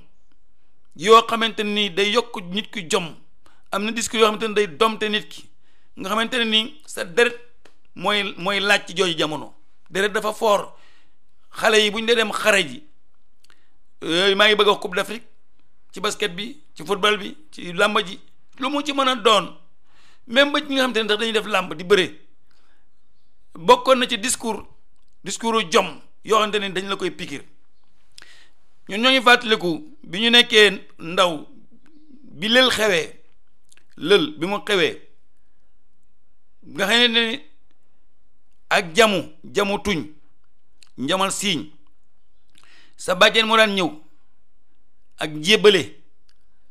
Speaker 1: yoo xamante nii day yokk nit ki jom am na discours yoo xamante ne day te nit ki nga xamante ne ni sa deret mooy mooy laaj ci jooju jamono deret dafa foor xale yi bu ñu dee dem xare ji maa ngi bëgg a d'Afrique ci basket bi ci football bi ci làmb ji lu mu ci mën a doon même ba ñi nga ni ne dañuy def làmb di bëre bokkoon na ci discours discours jom yoo xamante ne dañ la koy pikir ñu ñoo ngi fàttaliku bi ñu nekkee ndaw bi lël xewee lël bi mu xewee nga xam ne ak jamu jamu tuñ njamal siiñ sa bàjjen moo daan ñëw ak jébbale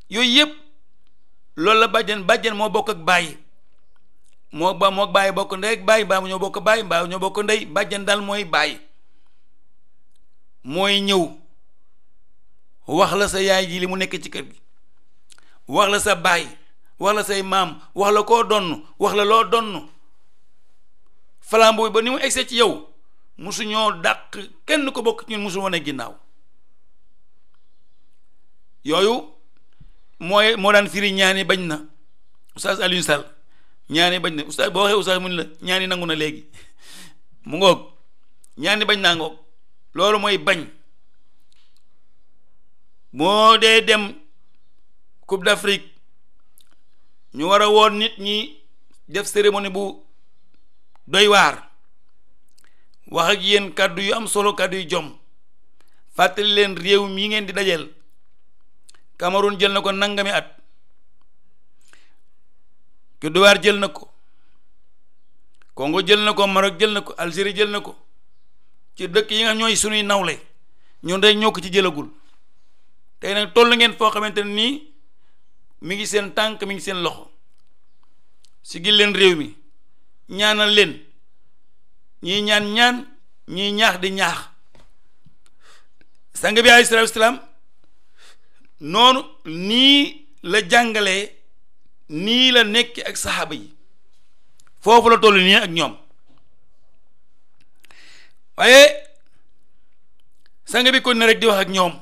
Speaker 1: yooyu yëpp loolu la bàjjen bàjjen moo bokk ak bàyyi moo ba moo bàyyi bokk ndey ak bàyyi baa ñoo bokk bàyyi baa ñoo bokk ndey bàjjen daal mooy bàyyi mooy ñëw wax la sa yaay ji li mu nekk ci kër gi wax la sa bàyyi wax la say maam wax la koo donn wax la loo donn flambeau ba ni mu egsee ci yow musu ñoo dàq kenn ko bokk ci ñun musu wane ginnaaw yooyu mooy moo daan firi ñaani bañ na oustaz Alioune bañ na oustaz boo waxee oustaz mu ne la ñaani nangu na léegi mu ngoog ñaani bañ naa ngoog loolu mooy bañ moo dee dem Coupe d'Afrique ñu war a woon nit ñi def cérémonie bu doy waar wax ak yéen kàddu yu am solo kàddu yu jom fàttali leen réew mi ngeen di dajeel Cameroun jël na ko nangami at Côte d'Ivoire jël na ko Congo jël na ko Maroc jël na ko Algérie jël na ko ci dëkk yi nga ñooy sunuy nawle ñun day ñoo ci jëlagul tey nag toll ngeen foo xamante nii mi ngi seen tànk mi ngi seen loxo sigil leen réew mi ñaanal leen ñii ñaan ñaan ñii ñaax di ñaax sang bi alayhi salaatu noonu nii la jàngale nii la nekk ak saxaaba yi foofu la toll nii ak ñoom waaye sang bi kon ne rek di wax ak ñoom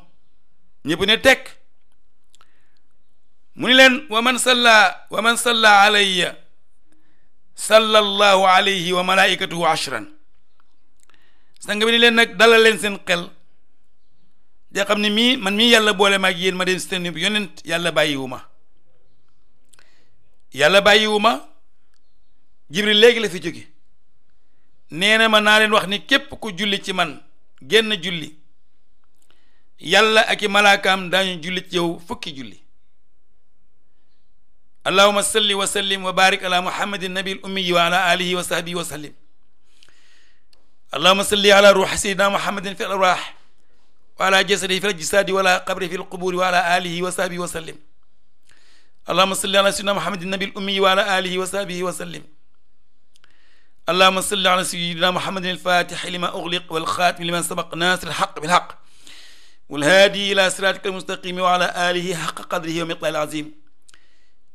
Speaker 1: ñëpp ne tekk mu ni leen wa man salla wa man salla alayya salla allahu alayhi wa malaikatuhu ashran sang bi ni leen nag dalal leen seen xel da xam ne mii man mii yàlla boole ma ak yéen ma dem seen yonent yàlla bàyyiwu ma yàlla bàyyiwu ma jibril léegi la fi jóge nee na ma naa leen wax ni képp ku julli ci man génn julli yàlla ak i malaakaam daañu julli ci yow fukki julli allahuma salli wa sallim wa barik ala muhammadin nabil ummiyi wa ala alihi wa sahbihi wa sallim allahuma salli ala ruuxi sayidina muhammadin fi al arwaax wa ala jasadihi fi al jisaadi wa ala qabri fi al quburi wa ala alihi wa sahbihi wa sallim allahuma salli ala sayidina muhammadin nabil ummiyi wa ala alihi wa sahbihi wa sallim allahuma salli ala sayidina muhammadin alfatixi lima ugliq walxaatimi lima sabaq naasir alxaq bilxaq walhaadi ila siraatika almustaqimi wa ala alihi xaqa qadrihi wa miqdaali azim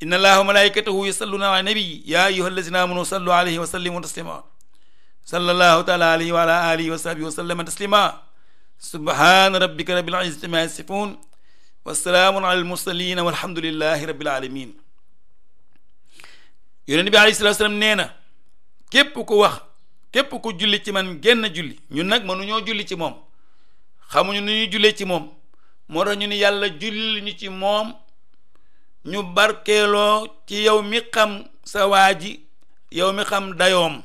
Speaker 1: inna allaha malaikatahu yusalluna ala nabi ya sallu alayhi wa sallimu taslima sallallahu taala alayhi wa ala alihi wa sahbihi wa sallama taslima ma yasifun wa salaamun ala almursalin walhamdulillahi rabbil alamin yonent bi alayhi salatu salaam nee na képp ku wax képp ku julli ci man génn julli ñun nag mënuñoo julli ci moom xamuñu nu ñuy jullee ci moom moo tax ñu ni julli ñu ci moom ñu barkeeloo ci yow mi xam sa waa ji yow mi xam dayoom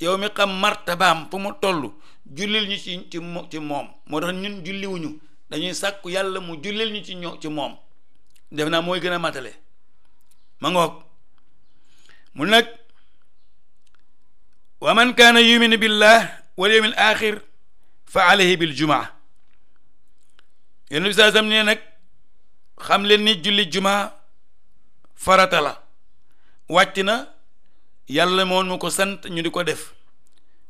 Speaker 1: yow mi xam martabaam fu mu toll jullil ñu ci moom moo tax ñun julliwuñu dañuy sàkku yàlla mu jullil ñu ci ci moom def naa mooy gën a matale ma mu nag wa man kaana yuminu billah wal yawmil axir fa alayhi bil jumaa yéen bi saa sam nag xam leen ni julli juma farata la wàcc na yàlla moo nu ko sant ñu di ko def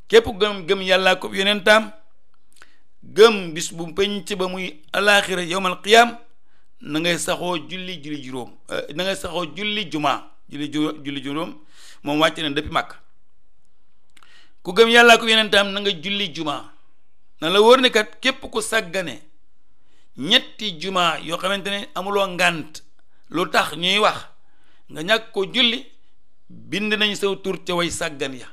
Speaker 1: képp gëm gëm yàllaa ko yonentam gëm bis bu penc ba muy alaaxira yowmal qiyaam na ngay saxoo julli julli juróom eh, na ngay saxoo julli juma julli julli juróom moom wàcc na depuis màkk ku gëm yàllaa ko yonentam na nga julli juma na la wóor ne kat képp ku sàggane ñetti juma yoo xamante ne amuloo ngànt lu tax ñuy wax nga ñàkk ko julli bind nañ sew tur ca way sàggan ya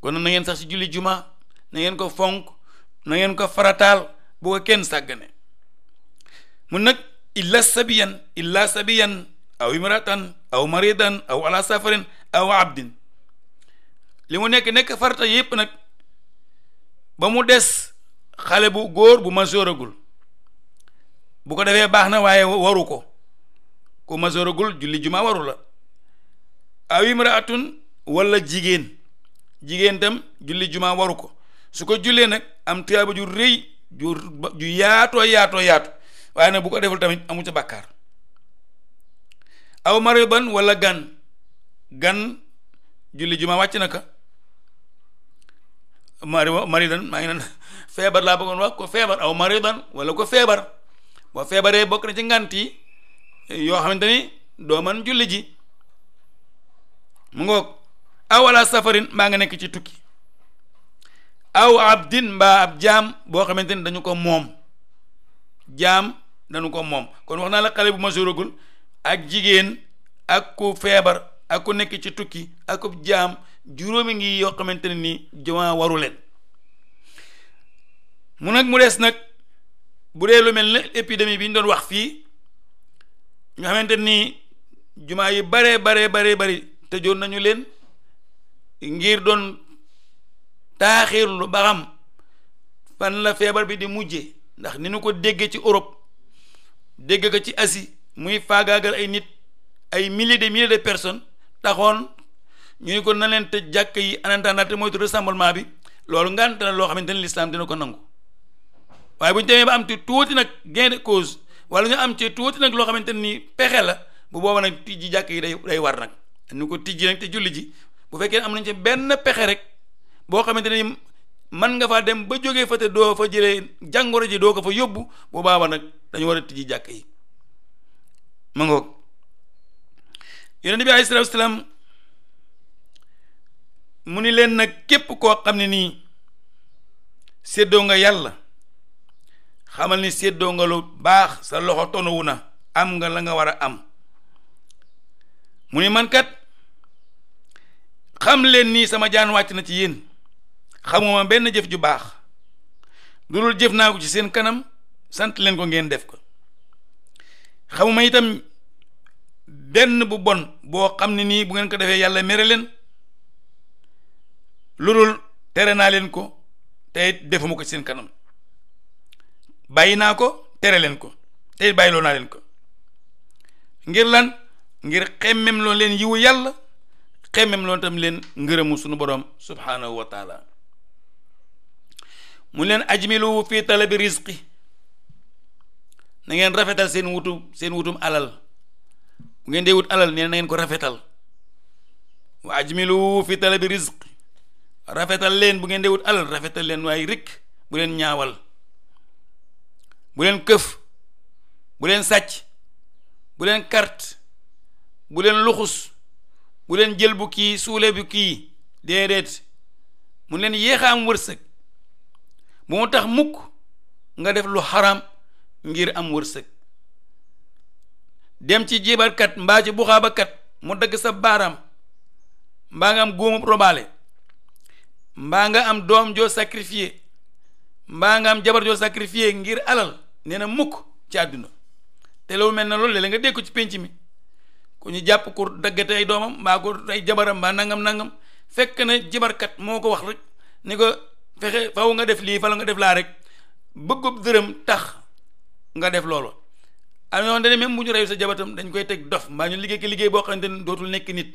Speaker 1: kon na ngeen sax ci julli juma nangeen ko fonk na ngeen ko farataal bu kenn sàggane mun nag illa sabiyan illa sabiyan aw imratan aw maridan aw ala aw abdin li mu nekk nekk farata yépp nag ba mu des xale bu góor bu masooragul bu ko defee baax na waaye waru ko ku masooragul julli juma waru la aw imraatun wala jigéen jigéen tam julli juma waru ko su ko jullee nag am tiyaaba ju rëy ju ju yaatoo yaato yaatu waaye nag bu ko deful tamit amu ca bàkkaar aw mariban wala gan gan julli juma wàcc na ka mari maridan maa ngi naan feebar laa bëggoon wax ko feebar aw maridan wala ko feebar boo feebaree bokk na ci ngant yi yoo xamante ni doo mën julli ji mu ngoog aw ala safarin maa ngi nekk ci tukki aw abdin mbaa jaam boo xamante ni dañu ko moom jaam dañu ko moom kon wax naa la xale bu masuragul ak jigéen ak ku feebar ak ku nekk ci tukki ak ku jaam juróomi ngi yoo xamante ne ni jamaa waru leen mu nag mu des nag bu dee lu mel ne épidémie bi ñu doon wax fii ñu xamante nii jumaa yi bare bare bare bari tëjoon nañu leen ngir doon taaxiir lu ba xam fan la feebar bi di mujje ndax ni ñu ko déggee ci Europe dégg ko ci Asie muy faagaagal ay nit ay milliers de milliers de personnes taxoon ñu ni ko na leen te jàkk yi en attendant te moytu rassemblement bi loolu ngànt la loo xamante ne l'islam dina ko nangu waaye bu ñu demee am ci tuuti nag gain de cause wala ñu am ci tuuti nag loo xamante ni pexe la bu booba nag tijji jàkk yi day day war nag ñu ko tijji nag te julli ji bu fekkee am nañ ci benn pexe rek boo xamante ni man nga faa dem ba jógee fa te doo fa jëlee jàngoro ji doo ko fa yóbbu bu baaba nag dañu war a tijji jàkk yi ma ngoog yonent bi alayhi salaatu wasalaam mu ni leen nag képp koo xam ne nii séddoo nga yàlla xamal ni séddoo nga lu baax sa loxo tonuwu na am nga la nga war a am mu ni man kat xam leen nii sama jaan wàcc na ci yéen xamuma benn jëf ju baax lu dul jëf naa ko ci seen kanam sant leen ko ngeen def ko xamuma itam benn bu bon boo xam ne nii bu ngeen ko defee yàlla mere leen lu dul tere naa leen ko te defuma ko ci seen kanam bàyyi naa ko tere leen ko te bàyyiloo naa leen ko ngir lan ngir xemmem loo leen yiw yàlla xemmem loo tam leen ngërëmu sunu borom subhaanahu wa taala mu leen ajmilu fi talabi risqi nangeen rafetal seen wutu seen wutum alal bu ngeen dee wut alal neen na ngeen ko rafetal wa ajmilu fi talabi risqi rafetal leen bu ngeen dee wut alal rafetal leen waay rik bu leen ñaawal bu leen këf bu leen sàcc bu leen kart bu leen luxus bu leen jël bu kii suule bu kii déedéet mu leen yéex a am wërsëg bu mu tax mukk nga def lu xaram ngir am wërsëg dem ci jibarkat mbaa ci buxaabakat mu dagg sa baaraam mbaa nga am góomub robaale mbaa nga am doom joo sacrifié mbaa nga am jabar joo sacrifié ngir alal nee na mukk ci àdduna te loolu mel na loolu léeg nga dégg ko ci pénc mi ku ñu jàpp ku daggate ay doomam mbaa ko ay jabaram mbaa nangam nangam fekk na jabarkat moo ko wax rek ni ko fexe faw nga def lii fala nga def laa rek bëggub dërëm tax nga def loolu am na mu même ñu reyu sa jabatam dañ koy teg dof mbaa ñu liggéey ki liggéey boo xamante ni dootul nekk nit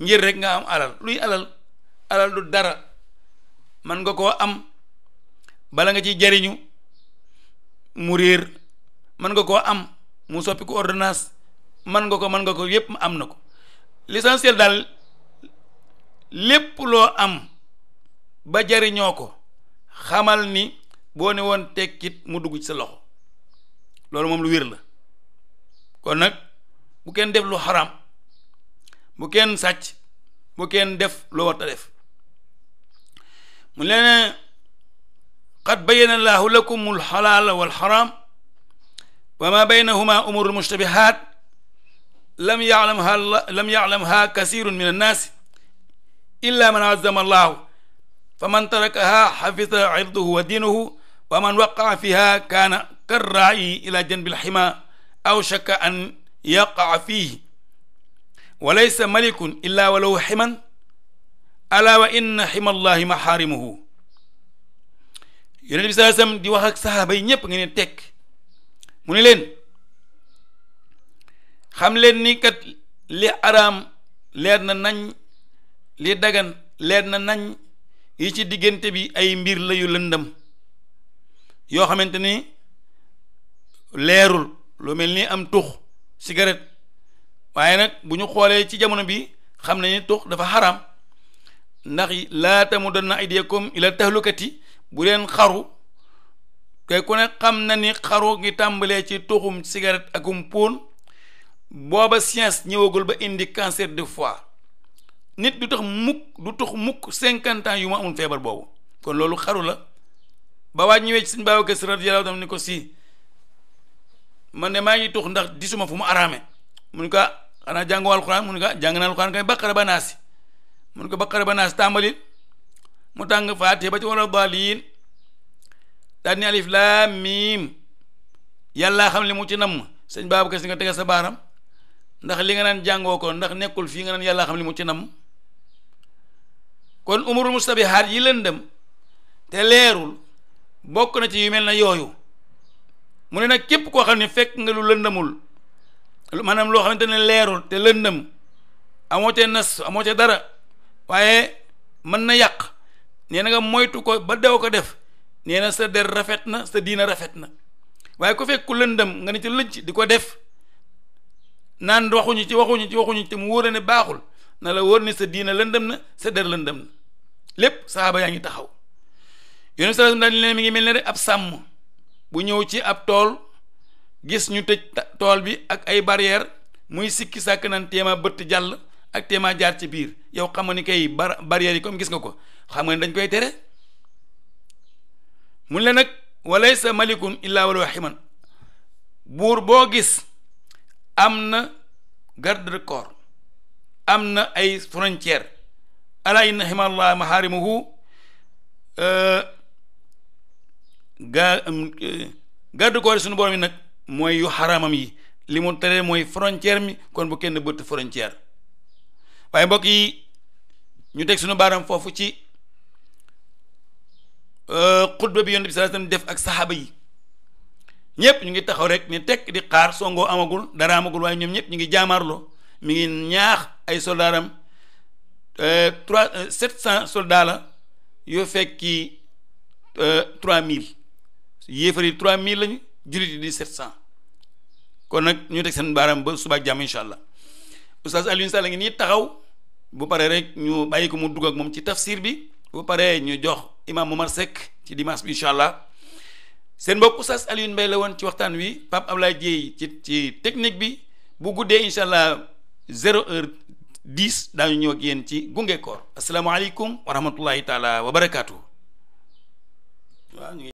Speaker 1: ngir rek nga am alal luy alal alal du dara man nga koo am bala nga ciy jariñu mu réer mën nga koo am mu soppi ko ordonnance mën nga ko mën nga ko yépp am na ko l'essentiel daal lépp loo am ba jariñoo ko xamal ni boo ne woon tekkit mu dugg ci sa loxo loolu moom lu wér la kon nag bu kenn def lu xaram bu kenn sàcc bu kenn def loo warta def mu leen qad bayyana llaahu lakum alxalaala walxaraam wa maa baynahuma umuurun mushtabihaat lam yaclamha lam yaclamha kasiirun min annaasi illaa man azzama allaahu fa man tarakaha xafisa irduhu wa diinuhu wa man waqaa fiha kaana karraayi ila janbi alxima aw shakka an yaqaa fiihi wa laysa malikun illaa walahu ximan alaa wa inna xima allahi maxaarimuhu yonent bi sallallahu alayhi di wax ak saxaaba yi ñépp ngeen tekk mu ni leen xam leen ni kat li araam leer na nañ li dagan leer na nañ yi ci diggante bi ay mbir layu lëndëm yoo xamante ni leerul lu mel ni am tux cigarette waaye nag bu ñu xoolee ci jamono bi xam nañu tux dafa xaraam ndax laa tamudanna aydiyakum ila tahlukati bu leen xaru kay ku ne xam na ni xaru ngi tàmbalee ci tuxum cigarette akum poon booba science ñëwagul ba indi cancer de fois nit du tax mukk du tux mukk cinquante ans yu ma amul feebar boobu kon loolu xaru la ba waaj ñëwee ci sëñ Babacar Si radiyallaahu tam ni ko si man ne maa ngi tux ndax disuma fu mu araame mun ko ah, xanaa jàngoo alxuraan mun ko ah, jàng naa alxuraan kay baqara ba naasi mun ko baqara ba naasi tàmbalil mu tàng faatee ba ci wala daalin daal ni alif laam miim yàllaa xam li mu ci namm sëñ baabu kas si nga tege sa baaram ndax li nga naan jàngoo ko ndax nekkul fii nga naan yàllaa xam li mu ci nam kon umurul mustabihaat yi lëndëm te leerul bokk na ci yu mel na yooyu mu ne nag képp koo xam ne fekk nga lu lëndëmul maanaam loo xamante ne leerul te lëndëm amoo te nas moo te dara waaye mën na yàq nee na nga moytu ko ba dew ko def nee na sa der rafet na sa diina rafet na waaye ku fekk ku lëndëm nga ne ci lëcc di ko def naan waxuñu ci waxuñu ci waxuñu te mu wóor ne baaxul na la wóor ne sa diina lëndëm na sa der lëndëm lépp saaba yaa ngi taxaw yonent sallallahu alayhi wasallam mi ngi mel ne rek ab sàmm bu ñëw ci ab tool gis ñu tëj tool bi ak ay barrière muy sikki sàkk naan téema bëtt jàll ak téema jaar ci biir yow xam ni kay barrières yi comme gis nga ko xam nga ne dañ koy tere mu ne nag walaysa malikun illaa wala himan buur boo gis am na garde corps am na ay frontière ala inna himallah maharimuhu euh, ga euh, garde corps yi suñu borom yi nag mooy yu xaramam yi li mu tere mooy frontière mi kon bu kenn bët frontière waaye mbokk ñu teg suñu baaram foofu ci Euh, xutba bi yonent bi sallallahu alayhi wasallam def ak saxaaba yi ñëpp ñu ngi taxaw rek ni tekk di xaar songo amagul dara amagul waaye ñoom ñëpp ñu ngi jaamaarloo mi ngi ñaax ay soldaaram euh, trois euh, sept cent soldats la yoo fekki trois mille yéefar yi trois mille lañu jullit yi di sept cent kon nag ñu teg seen baaram ba suba ak jàmm incha allah oustaz Alioune Sall ngi nii taxaw bu paree rek ñu bàyyi ko mu dugg ak moom ci tafsir bi bu pare ñu jox imam Momar Seck ci dimanche bi incha allah seen mbokk Oustaz Alioune Mbaye la woon ci waxtaan wi Pape Ablaye Dieye ci ci technique bi bu guddee incha allah zéro heure dix daañu ñëw ak ci gungekoor koor asalaamaaleykum wa rahmatullahi taala wa barakaatu.